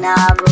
Nagro.